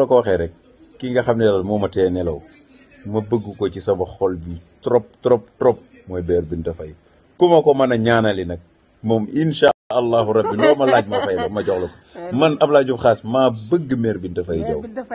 la ko waxee rek ki nga xam ne daal moo ma tee nelaw ma bëgg ko ci sama xol bi trop trop trop mooy Béer Binta Faye ku ma ko mën a ñaanali nag moom incha allahu rabbi loo ma laaj ma fay la ma jox la ko man Abdoulaye Diop Khass maa bëgg Béer Binta dafay Diaw